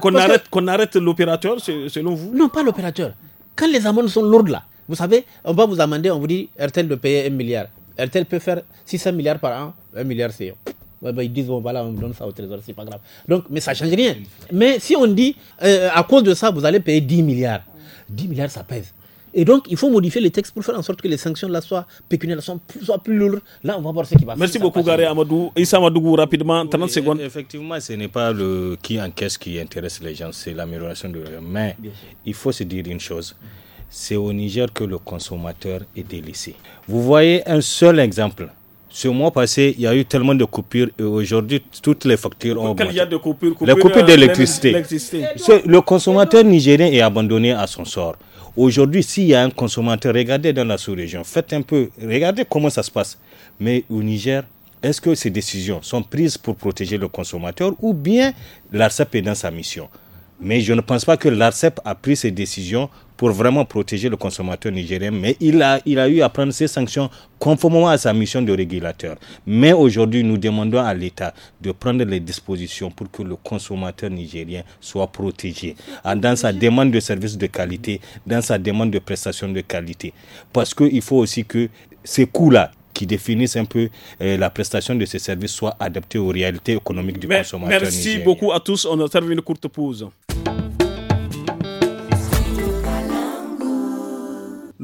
Qu'on arrête, qu'on arrête l'opérateur, selon vous Non, pas l'opérateur. Quand les amendes sont lourdes là, vous savez, on va vous amender, on vous dit RTL de payer 1 milliard. RTL peut faire 600 milliards par an, 1 milliard c'est. Bah, ils disent, bon, voilà, on donne ça au trésor, c'est pas grave. Donc, mais ça ne change rien. Mais si on dit, euh, à cause de ça, vous allez payer 10 milliards, 10 milliards, ça pèse. Et donc, il faut modifier les textes pour faire en sorte que les sanctions là soient pécuniaires, soient plus, soient plus lourdes. Là, on va voir ce qui va se passer. Merci beaucoup, Gary Amadou. Issa Amadou, rapidement, 30 secondes. Effectivement, ce n'est pas le qui encaisse qui intéresse les gens, c'est l'amélioration de Mais il faut se dire une chose c'est au Niger que le consommateur est délaissé. Vous voyez un seul exemple. Ce mois passé, il y a eu tellement de coupures et aujourd'hui, toutes les factures ont augmenté. y a de les coupures euh, d'électricité. Le consommateur nigérien est abandonné à son sort. Aujourd'hui, s'il y a un consommateur, regardez dans la sous-région, faites un peu, regardez comment ça se passe. Mais au Niger, est-ce que ces décisions sont prises pour protéger le consommateur ou bien l'ARCEP est dans sa mission Mais je ne pense pas que l'ARCEP a pris ces décisions pour vraiment protéger le consommateur nigérien, mais il a, il a eu à prendre ces sanctions conformément à sa mission de régulateur. Mais aujourd'hui, nous demandons à l'État de prendre les dispositions pour que le consommateur nigérien soit protégé ah, dans sa demande de services de qualité, dans sa demande de prestations de qualité. Parce qu'il faut aussi que ces coûts-là, qui définissent un peu euh, la prestation de ces services soient adaptés aux réalités économiques du consommateur consommateur. Merci beaucoup à tous. On observe une courte pause.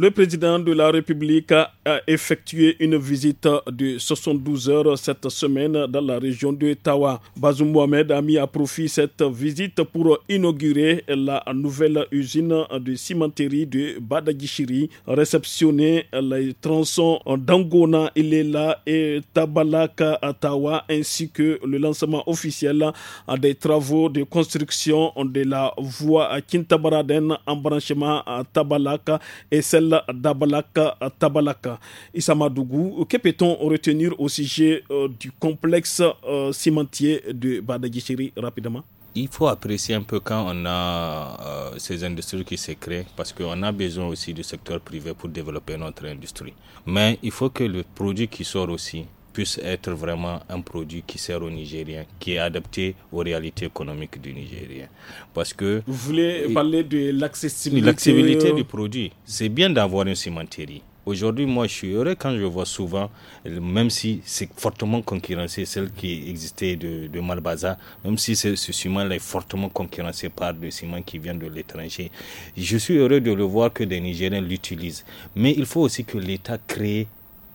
Le président de la République a effectué une visite de 72 heures cette semaine dans la région de Tawa. Bazoum Mohamed a mis à profit cette visite pour inaugurer la nouvelle usine de cimenterie de Badagishiri, réceptionner les tronçons d'Angona, Ilela et Tabalaka à Tawa, ainsi que le lancement officiel des travaux de construction de la voie à Kintabaraden, embranchement à Tabalaka et celle à Dabalaka Tabalaka. Isamadougou, que peut-on retenir au sujet euh, du complexe euh, cimentier de Badagichiri rapidement il faut apprécier un peu quand on a euh, ces industries qui se créent parce qu'on a besoin aussi du secteur privé pour développer notre industrie. Mais il faut que le produit qui sort aussi puisse être vraiment un produit qui sert aux Nigériens, qui est adapté aux réalités économiques du Nigérien. Parce que... Vous voulez parler de l'accessibilité L'accessibilité euh, du produit. C'est bien d'avoir une cimenterie. Aujourd'hui, moi, je suis heureux quand je vois souvent, même si c'est fortement concurrencé, celle qui existait de, de Malbaza, même si ce, ciment est fortement concurrencé par des ciments qui viennent de l'étranger, je suis heureux de le voir que des Nigériens l'utilisent. Mais il faut aussi que l'État crée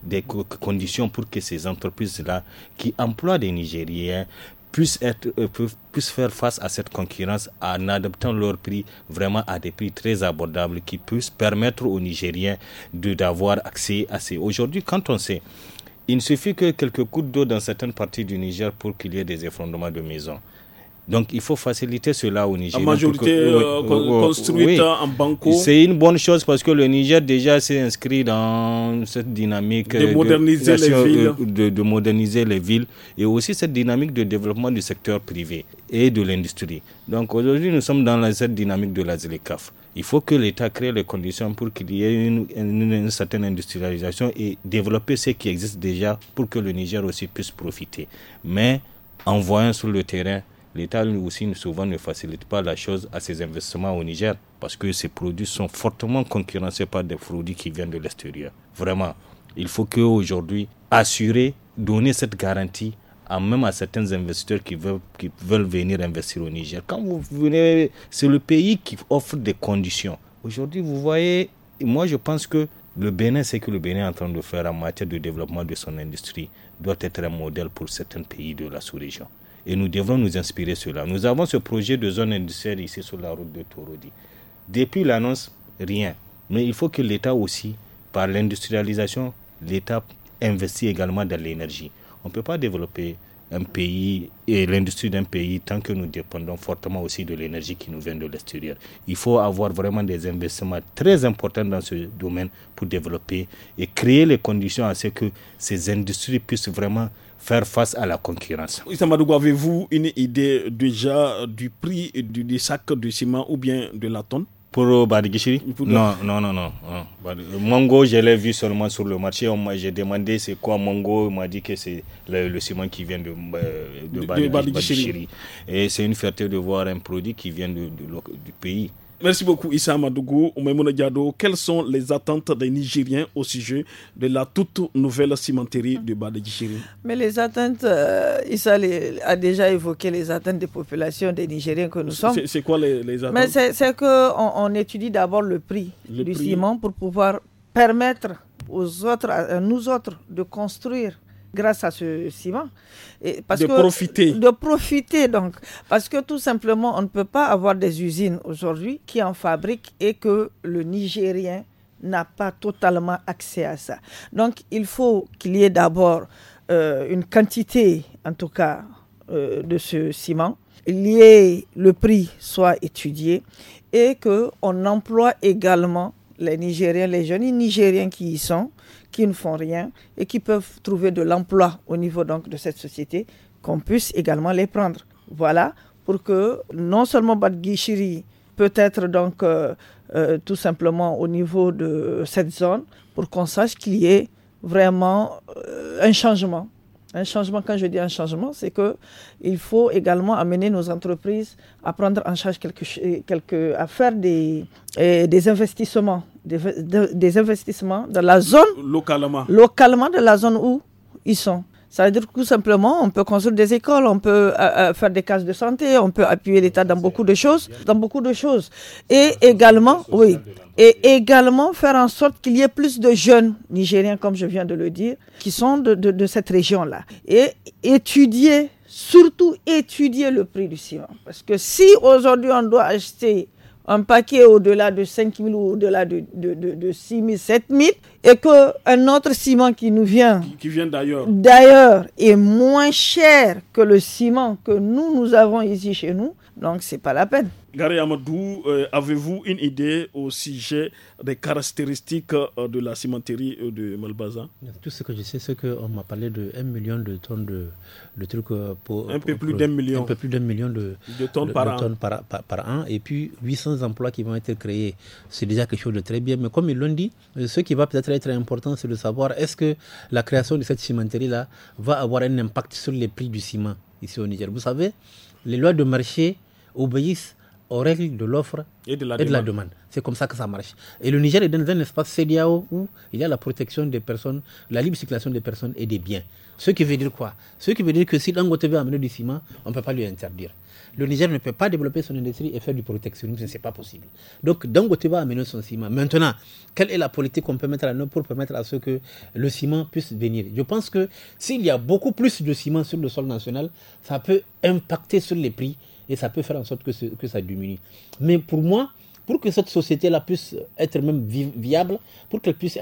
des conditions pour que ces entreprises-là, qui emploient des Nigériens, puissent, être, euh, puissent faire face à cette concurrence en adoptant leurs prix vraiment à des prix très abordables qui puissent permettre aux Nigériens d'avoir accès à ces. Aujourd'hui, quand on sait, il ne suffit que quelques coups d'eau dans certaines parties du Niger pour qu'il y ait des effondrements de maisons. Donc il faut faciliter cela au Niger. La majorité euh, euh, construite en banco. C'est une bonne chose parce que le Niger déjà s'est inscrit dans cette dynamique de euh, moderniser, les villes. moderniser les villes et aussi cette dynamique de développement du secteur privé et de l'industrie. Donc aujourd'hui nous sommes dans cette dynamique de la ZLECAF. Il faut que l'État crée les conditions pour qu'il y ait une, certaine industrialisation et développer ce qui existe déjà pour que le Niger aussi puisse profiter. Mais en voyant sur le terrain l'État aussi souvent ne facilite pas la chose à ses investissements au Niger parce que ces produits sont fortement concurrencés par des produits qui viennent de l'extérieur. Vraiment, il faut qu'aujourd'hui, assurer, donner cette garantie même à certains investisseurs qui veulent, qui veulent venir investir au Niger. Quand vous venez, c'est le pays qui offre des conditions. Aujourd'hui, vous voyez, moi je pense que le Bénin, c'est que le Bénin est en train de faire en matière de développement de son industrie, doit être un modèle pour certains pays de la sous-région. Et nous devons nous inspirer cela. Nous avons ce projet de zone industrielle ici sur la route de Torodi. Depuis l'annonce, rien. Mais il faut que l'État aussi, par l'industrialisation, l'État investisse également dans l'énergie. On ne peut pas développer un pays et l'industrie d'un pays tant que nous dépendons fortement aussi de l'énergie qui nous vient de l'extérieur. Il faut avoir vraiment des investissements très importants dans ce domaine pour développer et créer les conditions à ce que ces industries puissent vraiment faire face à la concurrence. avez-vous une idée déjà du prix du, sac de ciment ou bien de la tonne pour euh, Badigishiri Non, non, non, non. Euh, Mango, je l'ai vu seulement sur le marché. J'ai demandé c'est quoi Mango. Il m'a dit que c'est le, ciment qui vient de, euh, de, Et c'est une fierté de voir un produit qui vient de, du pays. Merci beaucoup Issa Madougou. Oumemouna Diado, quelles sont les attentes des Nigériens au sujet de la toute nouvelle cimenterie du Bas de Badagishiri Mais les attentes, euh, Issa a déjà évoqué les attentes des populations des Nigériens que nous sommes. C'est quoi les, attentes Mais c'est qu'on on étudie d'abord le prix du ciment pour pouvoir permettre aux autres, à nous autres, de construire grâce à ce ciment. Et de profiter. De profiter, donc. Parce que tout simplement, on ne peut pas avoir des usines aujourd'hui qui en fabriquent et que le Nigérien n'a pas totalement accès à ça. Donc, il faut qu'il y ait d'abord euh, une quantité, en tout cas, euh, de ce ciment. Lié, le prix soit étudié et qu'on emploie également les Nigériens, les jeunes Nigériens qui y sont, qui ne font rien et qui peuvent trouver de l'emploi au niveau donc de cette société, qu'on puisse également les prendre. Voilà, pour que non seulement Badguichiri peut être donc euh, euh, tout simplement au niveau de cette zone, pour qu'on sache qu'il y ait vraiment euh, un changement. Un changement, quand je dis un changement, c'est qu'il faut également amener nos entreprises à prendre en charge quelque, chose à faire des investissements des investissements dans la zone. Localement. Localement, de la zone où ils sont. Ça veut dire que tout simplement, on peut construire des écoles, on peut euh, euh, faire des cases de santé, on peut appuyer l'État dans beaucoup de choses, dans beaucoup de choses. Et également, oui, et également faire en sorte qu'il y ait plus de jeunes Nigériens, comme je viens de le dire, qui sont de, de, de cette région-là. Et étudier, surtout étudier le prix du ciment. Parce que si aujourd'hui on doit acheter un paquet au-delà de 5 000 ou au-delà de, de, de, 6 000, 7 000, et qu'un autre ciment qui nous vient, qui vient d'ailleurs, d'ailleurs est moins cher que le ciment que nous, nous avons ici chez nous, donc, c'est pas la peine. Gary Amadou, euh, avez-vous une idée au sujet des caractéristiques euh, de la cimenterie euh, de Malbaza Tout ce que je sais, c'est qu'on m'a parlé de 1 million de tonnes de, trucs pour. Un peu plus d'un million. Un peu plus d'un million de, tonnes, par, an. par, an. Et puis 800 emplois qui vont être créés. C'est déjà quelque chose de très bien. Mais comme ils l'ont dit, ce qui va peut-être être important, c'est de savoir est-ce que la création de cette cimenterie-là va avoir un impact sur les prix du ciment ici au Niger. Vous savez, les lois de marché obéissent aux règles de l'offre et de la demande. C'est comme ça que ça marche. Et le Niger est dans un espace CDAO où il y a la protection des personnes, la libre circulation des personnes et des biens. Ce qui veut dire quoi Ce qui veut dire que si Dangote veut amener du ciment, on ne peut pas lui interdire. Le Niger ne peut pas développer son industrie et faire du protectionnisme, ce n'est pas possible. Donc Dangote va amener son ciment. Maintenant, quelle est la politique qu'on peut mettre à nous pour permettre à ce que le ciment puisse venir Je pense que s'il y a beaucoup plus de ciment sur le sol national, ça peut impacter sur les prix et ça peut faire en sorte que, ça diminue. Mais pour moi, pour que cette société-là puisse être même viable, pour qu'elle puisse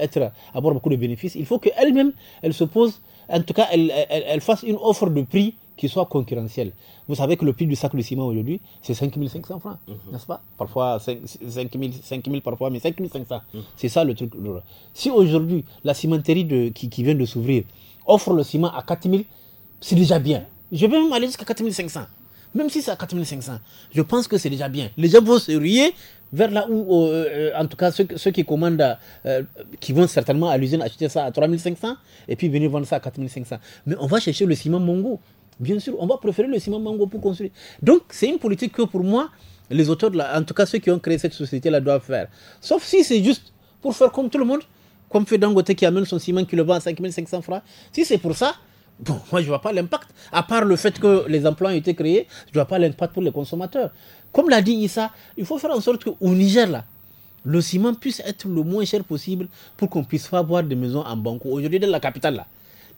avoir beaucoup de bénéfices, il faut qu'elle-même, elle se pose, en tout cas, elle, fasse une offre de prix qui soit concurrentielle. Vous savez que le prix du sac de ciment aujourd'hui, c'est 5500 francs, mhm. n'est-ce pas Parfois 5000, parfois, mais 5500. Mhm. C'est ça le truc. Si aujourd'hui, la cimenterie qui, qui vient de s'ouvrir offre le ciment à 4000, c'est déjà bien. Je vais même aller jusqu'à 4500 même si c'est à 4500, je pense que c'est déjà bien. Les gens vont se rier vers là où, euh, euh, en tout cas, ceux, qui commandent, euh, qui vont certainement à l'usine acheter ça à 3500 et puis venir vendre ça à 4500. Mais on va chercher le ciment mongo. Bien sûr, on va préférer le ciment mongo pour construire. Donc, c'est une politique que pour moi, les auteurs, en tout cas ceux qui ont créé cette société-là, doivent faire. Sauf si c'est juste pour faire comme tout le monde, comme fait Dangote qui amène son ciment qui le vend à 5500 francs. Si c'est pour ça, Bon, moi, je ne vois pas l'impact. À part le fait que les emplois ont été créés, je ne vois pas l'impact pour les consommateurs. Comme l'a dit Issa, il faut faire en sorte qu'au Niger, là, le ciment puisse être le moins cher possible pour qu'on puisse pas avoir des maisons en banco. Aujourd'hui, dans la capitale, là,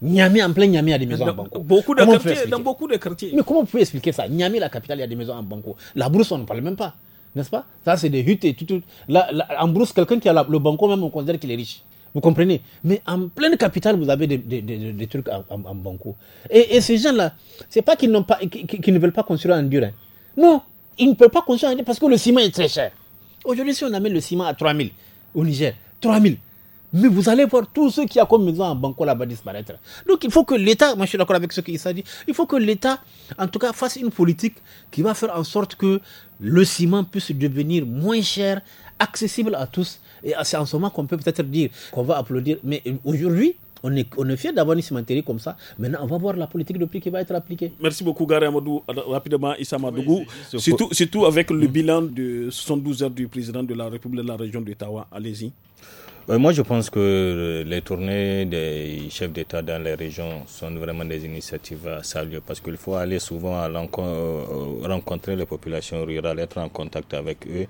Niamey, en plein Niami a des maisons en banco. Beaucoup de quartiers, dans beaucoup de quartiers. Mais comment vous pouvez expliquer ça Niamey, la capitale, il y a des maisons en banco. La Brousse, on ne parle même pas. N'est-ce pas Ça, c'est des huttes et tout. en Brousse, quelqu'un qui a le banco, même, on considère qu'il est riche. Vous comprenez Mais en pleine capitale, vous avez des, trucs en, banco. Et, ces gens-là, c'est pas qu'ils n'ont pas, qu'ils ne veulent pas construire en dur. Non, ils ne peuvent pas construire en dur parce que le ciment est très cher. Aujourd'hui, si on amène le ciment à 3000 au Niger, 3000. Mais vous allez voir tous ceux qui ont comme maison en banco là-bas disparaître. Donc il faut que l'État, moi je suis d'accord avec ce qu'il s'est dit, il faut que l'État, en tout cas, fasse une politique qui va faire en sorte que le ciment puisse devenir moins cher, accessible à tous et c'est en ce moment qu'on peut peut-être dire qu'on va applaudir. Mais aujourd'hui, on est, fiers fier d'avoir une cimenterie comme ça. Maintenant, on va voir la politique de prix qui va être appliquée. Merci beaucoup, Gare Amadou. Rapidement, Issa Madougou. C'est tout avec le mm. bilan de 72 heures du président de la République de la région d'Ottawa. Allez-y. Euh, moi, je pense que les tournées des chefs d'État dans les régions sont vraiment des initiatives à saluer parce qu'il faut aller souvent à euh, rencontrer les populations rurales, être en contact avec eux,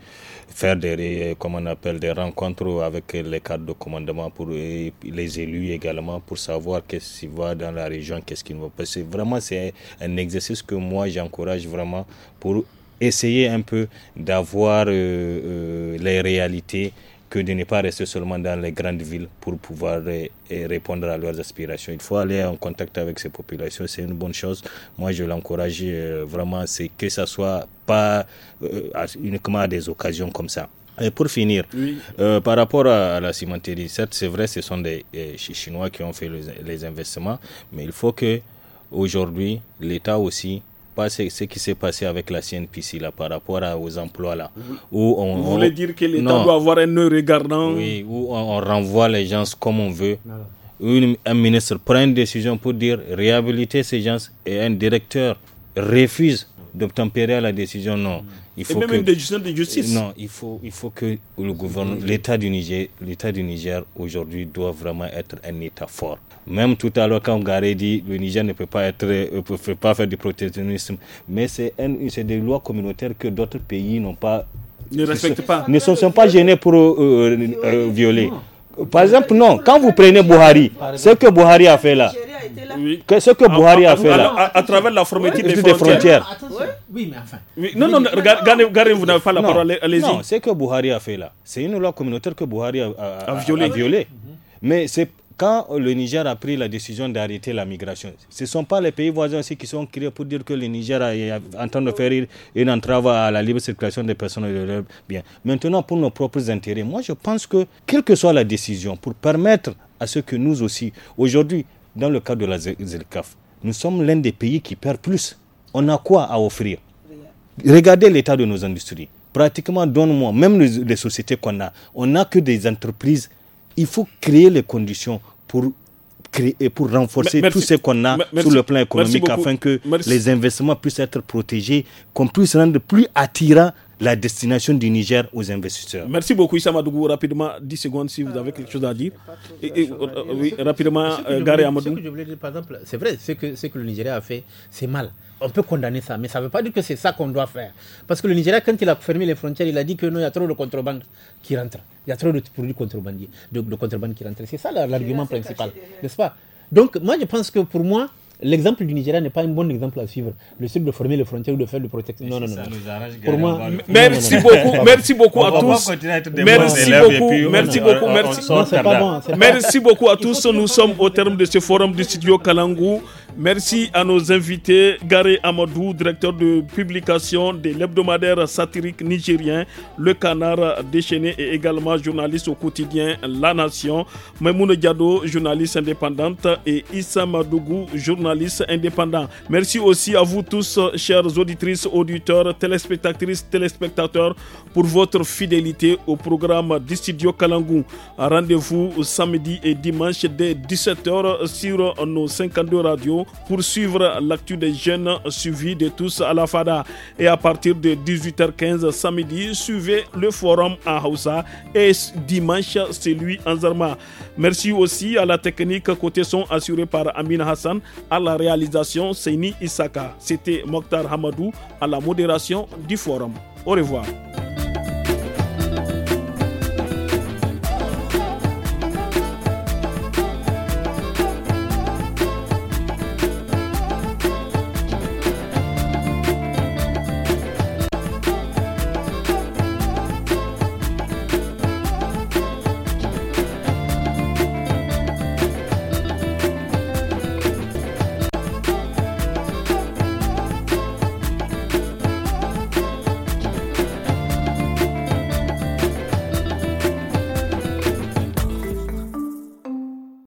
faire des, comme on appelle, des rencontres avec les cadres de commandement pour les élus également pour savoir qu'est-ce qu'ils va dans la région, qu'est-ce qui ne va pas. Vraiment, c'est un exercice que moi, j'encourage vraiment pour essayer un peu d'avoir euh, les réalités que de ne pas rester seulement dans les grandes villes pour pouvoir eh, eh, répondre à leurs aspirations. Il faut aller en contact avec ces populations, c'est une bonne chose. Moi, je l'encourage euh, vraiment, c'est que ça soit pas euh, uniquement à des occasions comme ça. Et pour finir, euh, par rapport à, la cimenterie, certes, c'est vrai, ce sont des eh, Chinois qui ont fait les, les investissements, mais il faut que aujourd'hui, l'État aussi pas ce, qui s'est passé avec la CNPC là, par rapport à, aux emplois là. Où on, Vous voulez dire que l'État doit avoir un œil regardant Oui, où on, renvoie les gens comme on veut. Une, un ministre prend une décision pour dire réhabiliter ces gens et un directeur refuse d'obtempérer la décision. Non, mm. Il faut même que, de justice. Non, il faut, il faut que le gouvernement, mm. l'État du Niger, l'État du Niger aujourd'hui doit vraiment être un État fort. Même tout à l'heure, quand Garé dit le Niger ne peut pas être, euh, peut pas faire du protectionnisme, mais c'est des lois communautaires que d'autres pays n'ont pas, ne respectent pas, ne sont, pas gênés pour euh, euh, violer. Par exemple, non. Quand vous prenez Buhari, ce que Buhari a fait là ce que Buhari a fait là à, travers la fermeture des, frontières. Oui, mais enfin. Non, non, regardez, vous n'avez pas la parole, allez-y. Non, c'est que Buhari a fait là. C'est une loi communautaire que Buhari a, violée. Violé. Mhm. Mais c'est quand le Niger a pris la décision d'arrêter la migration, ce ne sont pas les pays voisins aussi qui sont créés pour dire que le Niger est en train de faire une entrave à la libre circulation des personnes et de leurs biens. Maintenant, pour nos propres intérêts, moi je pense que, quelle que soit la décision, pour permettre à ce que nous aussi, aujourd'hui, dans le cadre de la ZELCAF, nous sommes l'un des pays qui perd plus. On a quoi à offrir Regardez l'état de nos industries. Pratiquement, donne-moi, même les, sociétés qu'on a, on n'a que des entreprises. Il faut créer les conditions pour créer, pour renforcer tout ce qu'on a sur le plan économique afin que les investissements puissent être protégés, qu'on puisse rendre plus attirant la destination du Niger aux investisseurs. Merci beaucoup, Issa Madougou. Rapidement, 10 secondes si vous avez quelque chose à dire. Et, euh, oui, rapidement, euh, Gary Amadou. c'est vrai, ce que, que le Nigeria a fait, c'est mal. On peut condamner ça, mais ça ne veut pas dire que c'est ça qu'on doit faire. Parce que le Nigeria, quand il a fermé les frontières, il a dit que non, il y a trop de contrebande qui rentre. Il y a trop de produits contrebandiers, de, contrebande qui rentrent. C'est ça l'argument principal, n'est-ce pas Donc, moi, je pense que pour moi, L'exemple du Nigeria n'est pas un bon exemple à suivre. Le site de former les frontières ou de faire le protection. Non, non, non. Pour moi, merci beaucoup, merci beaucoup à tous. Euh, merci beaucoup, merci beaucoup, merci. beaucoup à tous. Nous sommes au terme de ce forum du studio Kalangu. Merci à nos invités, Garé Amadou, directeur de publication de l'hebdomadaire satirique nigérien Le Canard déchaîné et également journaliste au quotidien La Nation, Maimoune Diado, journaliste indépendante et Issa Madougou, journaliste indépendant. Merci aussi à vous tous, chers auditrices, auditeurs, téléspectatrices, téléspectateurs, pour votre fidélité au programme du studio Kalangou. Rendez-vous samedi et dimanche dès 17h sur nos 52 radios pour suivre l'actu des jeunes suivis de tous à la FADA. Et à partir de 18h15 samedi, suivez le forum à Hausa et dimanche, celui en Zarma. Merci aussi à la technique côté son assurée par Amin Hassan, à la réalisation Seini Isaka. C'était Mokhtar Hamadou à la modération du forum. Au revoir.